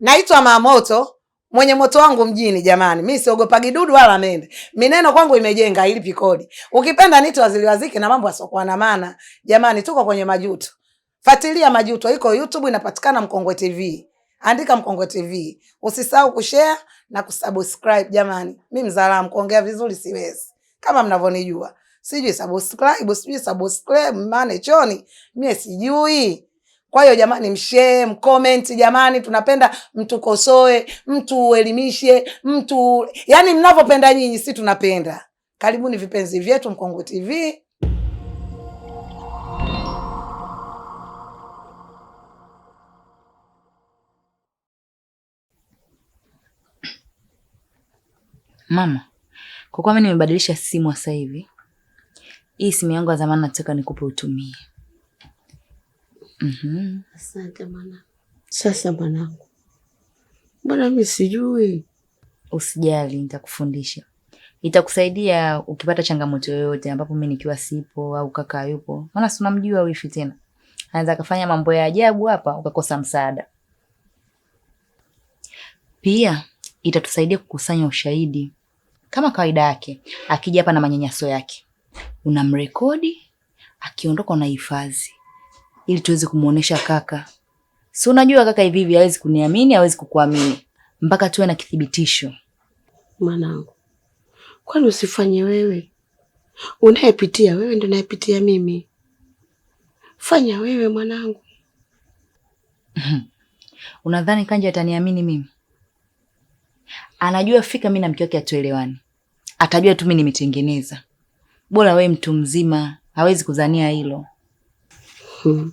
Naitwa Mamoto, mwenye moto wangu mjini. Jamani, mi siogopagi dudu wala mende. Mineno kwangu imejenga, ili kodi. Ukipenda nito waziliwaziki na mambo asokuwa na maana. Jamani, tuko kwenye majuto. Fatilia majuto, iko YouTube, inapatikana Mkongwe TV. Andika Mkongwe TV, usisahau kushare na kusubscribe. Jamani, mi mzalamu, kuongea vizuri siwezi, kama mnavyonijua. Sijui subscribe, sijui subscribe, mane choni mie sijui kwa hiyo jamani, mshare mcomment, jamani, tunapenda mtukosoe, mtuelimishe, mtu yani mnavyopenda nyinyi, si tunapenda. Karibuni vipenzi vyetu Mkongwe TV. Mama, kwa kuwa mimi nimebadilisha simu sasa hivi, hii simu yangu ya zamani nataka nikupe utumie. Mm -hmm. Asante mwanangu. Sasa mwanangu, mbona mimi sijui? Usijali, nitakufundisha itakusaidia ukipata changamoto yoyote ambapo mimi nikiwa sipo au kaka yupo, maana si unamjua wifi tena, anaweza akafanya mambo ya ajabu hapa ukakosa msaada. Pia itatusaidia kukusanya ushahidi kama kawaida yake. Akija hapa na manyanyaso yake unamrekodi, akiondoka unahifadhi ili tuweze kumuonesha kaka. Si unajua kaka hivi hivi hawezi kuniamini, hawezi kukuamini mpaka tuwe na kithibitisho. Mwanangu, kwani usifanye wewe? Unayepitia wewe ndio nayepitia mimi. Fanya wewe mwanangu. Mhm. Unadhani Kanja ataniamini mimi? Anajua fika mimi na mke wake atuelewani, atajua tu mimi nimetengeneza. Bora wewe mtu mzima, hawezi kuzania hilo. Hmm.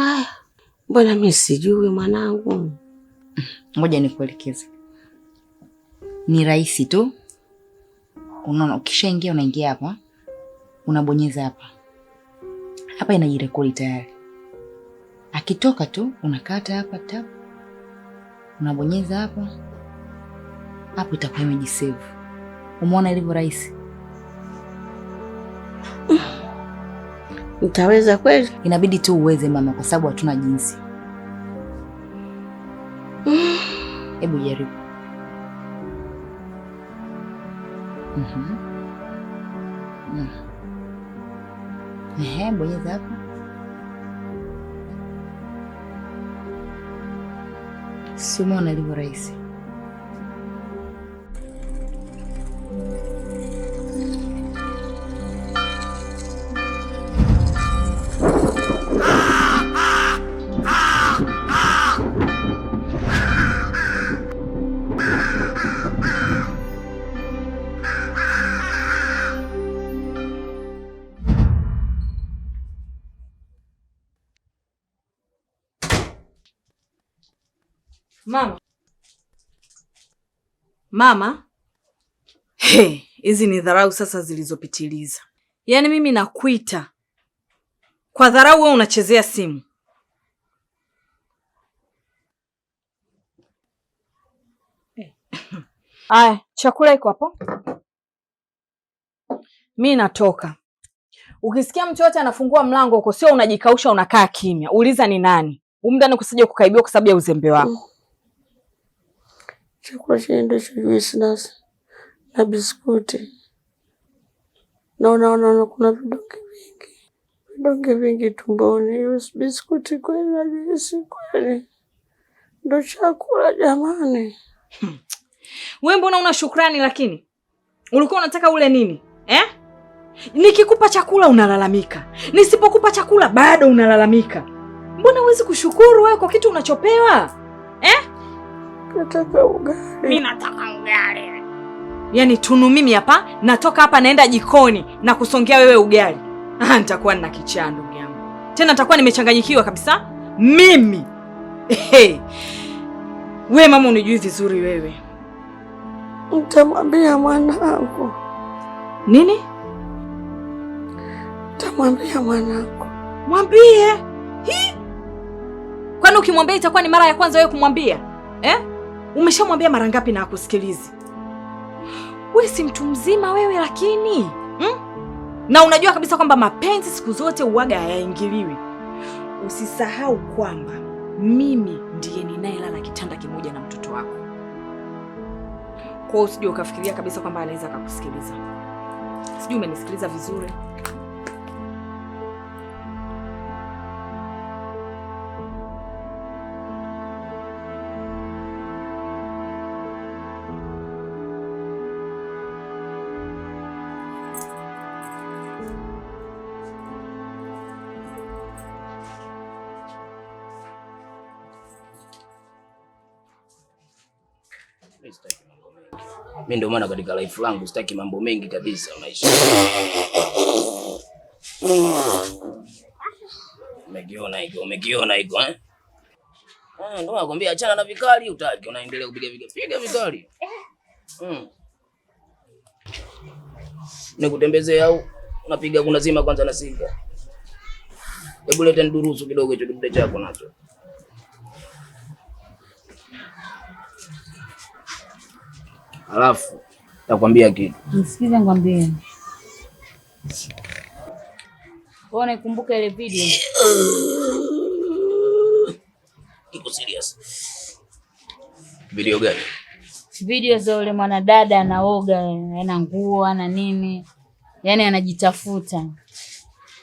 Haya, mbona mi sijui mwanangu? Ngoja nikuelekeze, ni rahisi tu. Unaona, ukishaingia unaingia hapa, unabonyeza hapa hapa, inajirekodi tayari. Akitoka tu unakata hapa tap, unabonyeza hapa hapo, itakuwa imejisave. Umeona ilivyo rahisi? Nitaweza kweli? Inabidi tu uweze mama, kwa sababu hatuna jinsi. Hebu jaribu. Mhm. Mhm. Ehe, bonyeza hapo. Simona ilivyo rahisi. Mama, hizi ni dharau sasa zilizopitiliza. Yaani mimi nakuita kwa dharau, wewe unachezea simu. Eh. Aya, chakula iko hapo, mi natoka. Ukisikia mtu yote anafungua mlango huko, sio unajikausha unakaa kimya, uliza ni nani umndani, kusije kukaibiwa kwa sababu ya uzembe wako. Oh. Chakula chenye ndio hicho juisi nasi na biskuti, na unaona kuna vidonge vingi, vidonge vingi tumboni. Hiyo biskuti kweli na juisi kweli ndio chakula jamani? Hmm. Wewe mbona una shukrani? Lakini ulikuwa unataka ule nini eh? Nikikupa chakula unalalamika, nisipokupa chakula bado unalalamika. Mbona huwezi kushukuru wewe kwa kitu unachopewa eh? Nataka ugali. Mimi nataka ugali. Yaani tunu mimi hapa natoka hapa naenda jikoni na kusongea wewe ugali. Ah, nitakuwa nina kichaa ndugu yangu. Tena nitakuwa nimechanganyikiwa kabisa mimi. Hey. We mama unijui vizuri wewe. Nitamwambia mwanangu. Nini? Nitamwambia mwanangu. Mwambie. Hii. Kwani ukimwambia itakuwa ni mara ya kwanza wewe kumwambia? Eh? Umeshamwambia mara ngapi na akusikilizi? Wewe si mtu mzima wewe lakini hmm? Na unajua kabisa kwamba mapenzi siku zote uwaga hayaingiliwi. Usisahau kwamba mimi ndiye ninayelala kitanda kimoja na mtoto wako. Kwa hiyo usije ukafikiria kabisa kwamba anaweza akakusikiliza. Sijui umenisikiliza vizuri. mimi sitaki mambo mengi. Mimi ndio maana katika life langu sitaki mambo mengi kabisa maisha. Umekiona hiko, umekiona hiko eh? Ah, ndio nakwambia achana na vikali utaki, unaendelea kupiga piga piga vikali. Mm. Nikutembezea au unapiga kuna zima kwanza na singa. Hebu leta nidurusu kidogo hicho kidude chako nacho. Alafu takwambia kitu, nisikize, ngwambie. Wewe unaikumbuka ile video? Iko serious. Video gani? Video za yule mwanadada anaoga, ana nguo, ana nini, yaani anajitafuta.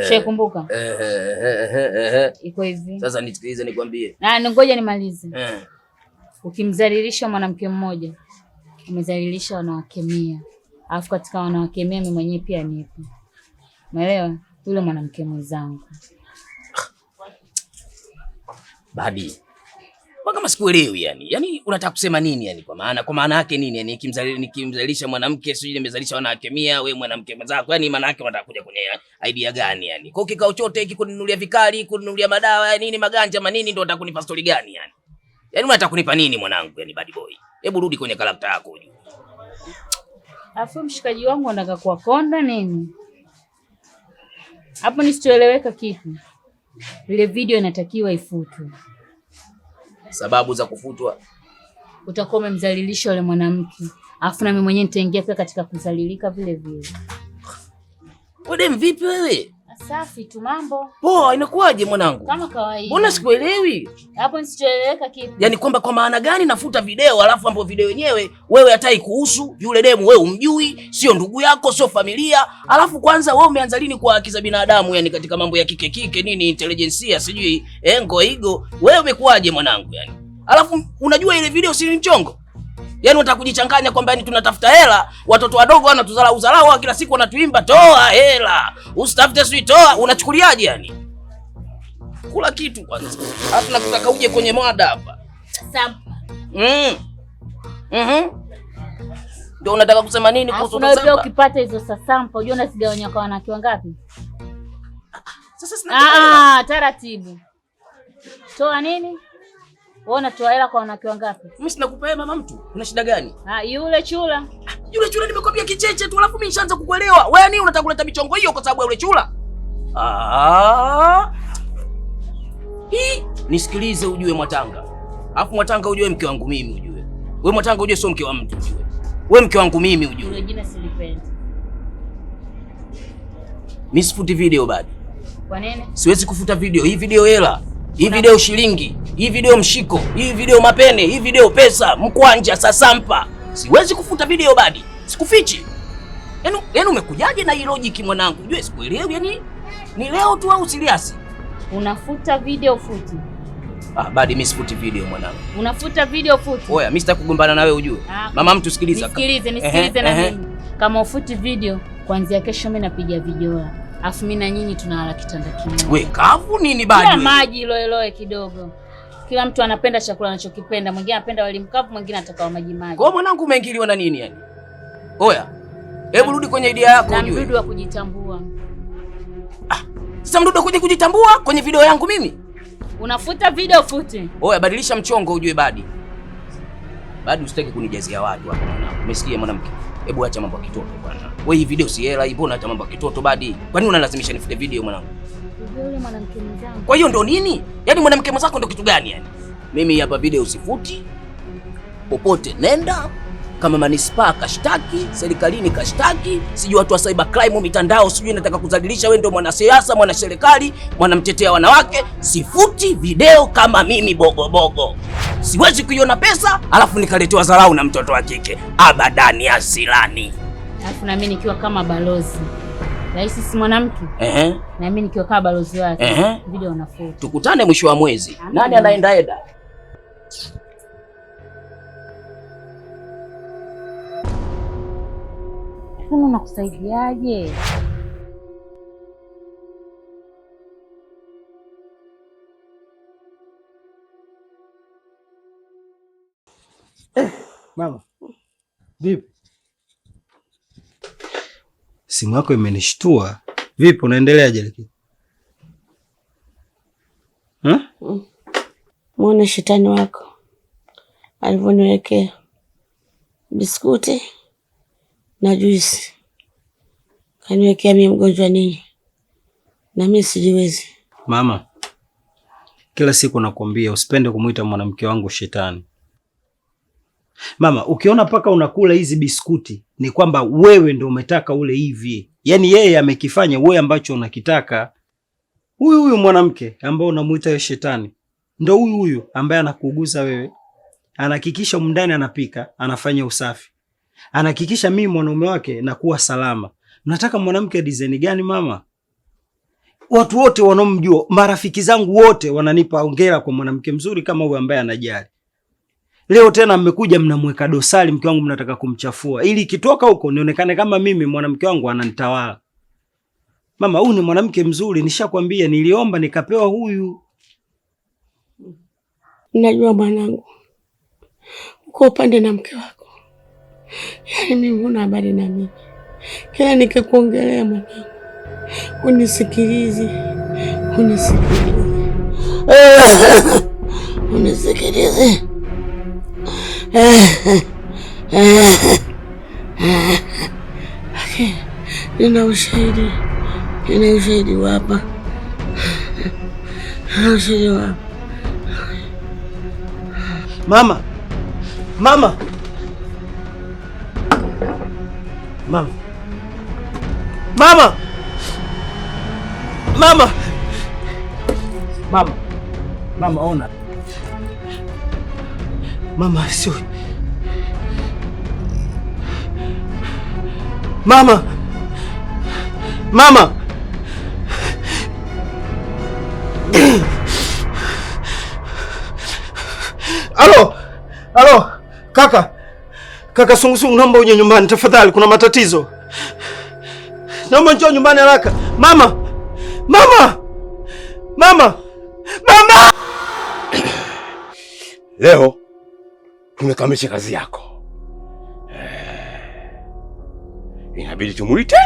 Eh. Shaikumbuka? Eh, eh, Iko hivi. Sasa nisikilize, nikwambie. Na ngoja nimalize. Eh. Ukimdhalilisha mwanamke mmoja umedhalilisha wanawake mia, alafu katika wanawake mia mimi mwenyewe pia nipo, umeelewa? Yule mwanamke mwenzangu badi kama sikuelewi yani. Yani unataka kusema nini yani? Kwa maana kwa maana yake nini yani? Nikimzalisha mwanamke sio ile nimezalisha wanawake mia, wewe mwanamke mwenzako. yani maana yake unataka kuja kwenye idea gani yani? Kwa kikao chote hiki kuninulia vikali, kuninulia madawa, ya nini maganja manini ndio unataka kunipa story gani yani? Yaani unataka kunipa nini mwanangu? Yaani bad boy. Hebu rudi kwenye karakta yako Afu mshikaji wangu anataka kuwakonda nini? Hapo nisitoeleweka kitu. Ile video inatakiwa ifutwe. Sababu za kufutwa, utakuwa umemdhalilisha yule mwanamke, na nami mwenyewe nitaingia pia katika kudhalilika vile vile. Wewe vipi wewe? Safi tu mambo. Poa, inakuwaje mwanangu? Kama kawaida. Mbona sikuelewi? Hapo nisichoeleweka kipi? Yaani kwamba kwa maana gani nafuta video alafu ambapo video yenyewe wewe hatai kuhusu, yule demu wewe umjui, sio ndugu yako, sio familia. Alafu kwanza wewe umeanza lini kwa haki za binadamu yani katika mambo ya kike kike nini intelligence sijui engo eh, igo. Wewe umekuwaje mwanangu yani? Alafu unajua ile video si ni mchongo? Yaani unataka kujichanganya kwamba yani tunatafuta hela, watoto wadogo wanatuzala uzalao kila siku wanatuimba toa hela. Usitafute sui toa, unachukuliaje yani? Kula kitu kwanza. Hata nakutaka uje kwenye mada hapa. Sampa. Mm. Mhm. Ndio unataka kusema nini kuhusu sasa? Unajua ukipata hizo sampa, unajua unazigawanya kwa wanawake wangapi? Ah, ah. Sasa sina. Ah, ah, taratibu. Toa nini? Wewe unatoa hela kwa wanawake wangapi? Mimi sina kupa mama mtu. Una shida gani? Ah, yule chula. Ah, Yule chula nimekwambia kicheche tu, alafu mimi nishaanza kukuelewa. Wewe nini unataka kuleta michongo hiyo kwa sababu ya yule chula? Ah. Hii, nisikilize ujue Mwatanga. Alafu Mwatanga ujue mke wangu mimi ujue. Wewe Mwatanga ujue sio mke wa mtu ujue. Wewe mke wangu mimi ujue. Yule jina silipendi. Mimi sifuti video bado. Kwa nini? Siwezi kufuta video. Hii video hela hii video shilingi, hii video mshiko, hii video mapene, hii video pesa, mkwanja, sasampa. Siwezi kufuta video badi, sikufichi. Yaani, yaani umekujaje na hii logic mwanangu? Ujue sikuelewi. Yaani ni leo tu au siliasi? Unafuta video futi. Ah, badi mimi sifuti video mwanangu. Unafuta video futi. Oya, mimi sitaki kugombana na wewe ujue. Ah, mama mtu sikiliza. Nisikilize, nisikilize na mimi. Kama ufuti video kuanzia kesho mimi napiga video. Afu mimi na nyinyi tunalala kitanda kimoja. We kavu nini bado? Maji loeloe kidogo. Kila mtu anapenda chakula anachokipenda. Mwingine anapenda wali mkavu, mwingine anataka wa maji maji. Kwa mwanangu umeingiliwa na nini yani? Oya. Hebu rudi kwenye idea yako ujue. Na mdudu wa kujitambua. Ah, sasa mdudu kuja kujitambua kwenye video yangu mimi? Unafuta video futi. Oya, badilisha mchongo ujue badi bado usitaki kunijazia watu hapa mwanangu. Umesikia mwanamke? Hebu acha mambo ya kitoto bwana. Wewe hii video si hela, mbona acha mambo ya kitoto badi? Kwa nini unalazimisha nifute video mwanangu? Yule mwanamke mzangu. Kwa hiyo ndo nini? Yaani mwanamke mwenzako ndo kitu gani yani? Mimi hapa video usifuti. Popote nenda kama manispaa kashtaki, serikalini kashtaki, sijui watu wa cyber crime mitandao, sijui nataka kuzadilisha, wewe ndio mwanasiasa, mwanaserikali, mwanamtetea wanawake. Sifuti video kama mimi bogobogo, siwezi kuiona pesa alafu nikaletewa dharau na mtoto wa kike, abadani, asilani. Alafu mimi nikiwa kama balozi rais, si mwanamke eh, na mimi nikiwa kama balozi wake, video unafuta, Tukutane mwisho wa mwezi, nani anaenda eda Sema nakusaidiaje? Mama vipi? Simu yako imenishtua. Vipi, unaendeleaje? Lakini muone shetani wako alivyoniwekea biskuti na juisi kaniwekea mimi mgonjwa nini, na mimi sijiwezi. Mama, kila siku nakwambia usipende kumwita mwanamke wangu shetani. Mama, ukiona paka unakula hizi biskuti ni kwamba wewe ndio umetaka ule hivi, yaani yeye amekifanya wewe ambacho unakitaka. Huyu huyu mwanamke ambaye unamuita wewe shetani ndo huyu huyu ambaye anakuuguza wewe, anahakikisha mndani, anapika, anafanya usafi anahakikisha mimi mwanaume wake nakuwa salama. Nataka mwanamke design gani mama? Watu wote wanaomjua, marafiki zangu wote wananipa hongera kwa mwanamke mzuri kama huyu ambaye anajali. Leo tena mmekuja mnamweka dosari mke wangu, mnataka kumchafua ili ikitoka huko nionekane kama mimi mwanamke wangu ananitawala. Mama, huyu ni mwanamke mzuri, nishakwambia, niliomba nikapewa huyu. Najua mwanangu, uko upande na mke wako Yaani mimi huna habari na mimi, kila nikikuongelea mwanangu unisikilizi, unisikilizi, unisikilizi Nina ushahidi, nina ushahidi wapa, nina ushahidi hapa. Mama, mama Mama, mama, mama, mama, mama, ona mama, sio mama, mama Alo, alo, kaka Kaka Sungusungu, naomba uje nyumbani tafadhali, kuna matatizo. Naomba njoo nyumbani haraka. Mama, mama, mama, mama! Leo tumekamilisha kazi yako, eh, inabidi tumuite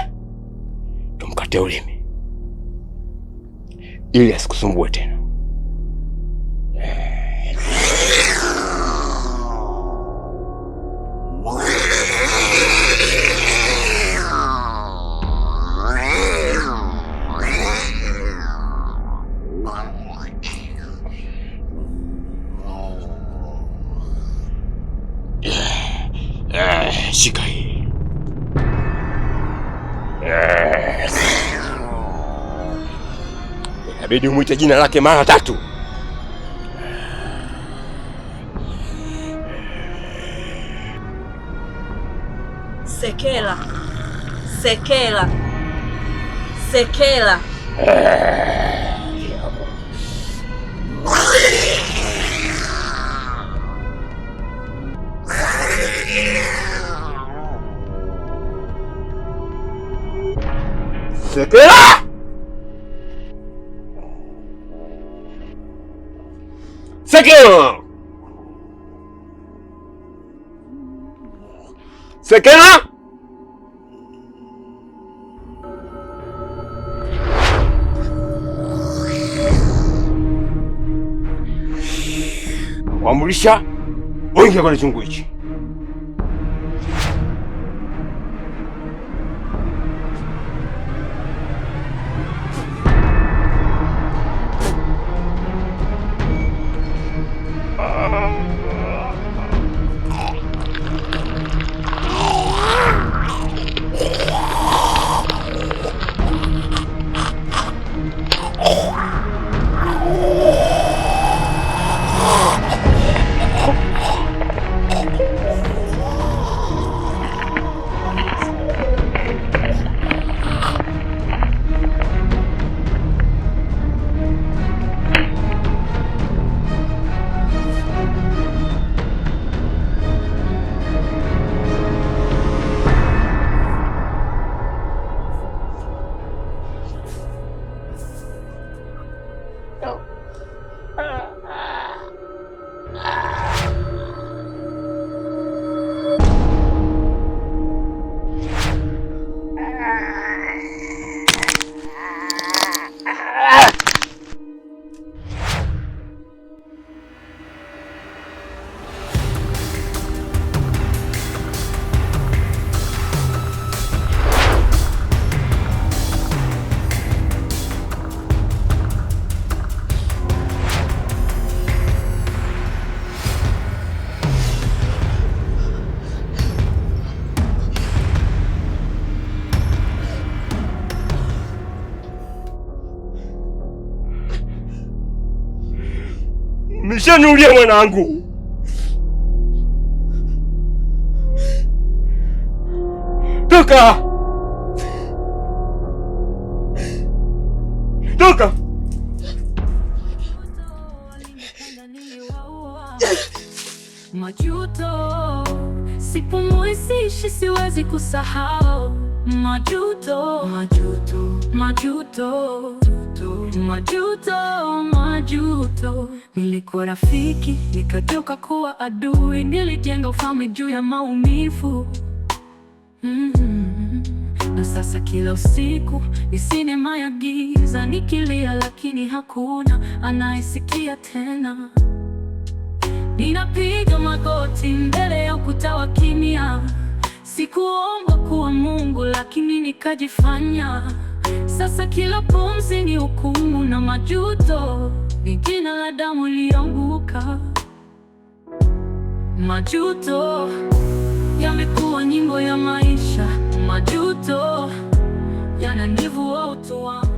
tumkate ulimi ili asikusumbue tena. inabidi umwite jina lake mara tatu. Sekela, sekela, sekela. Sekela! 세끼야 새끼야! 와물리샤 원격을 준 거이지. Nichanulie mwanangu. Toka. Toka. Majuto, sipumui, siishi, siwezi kusahau. Majuto, majuto, majuto majuto, majuto, majuto. Nilikuwa rafiki nikatoka kuwa adui, nilijenga ufalme juu ya maumivu mm -hmm. Na sasa kila usiku ni sinema ya giza, nikilia lakini hakuna anayesikia tena. Ninapiga magoti mbele ya ukuta wa kimya, sikuomba kuwa Mungu lakini nikajifanya sasa kila pumzi ni hukumu na majuto, ni jina la damu lianguka Majuto yamekuwa nyimbo ya maisha, majuto yananivua utu wangu.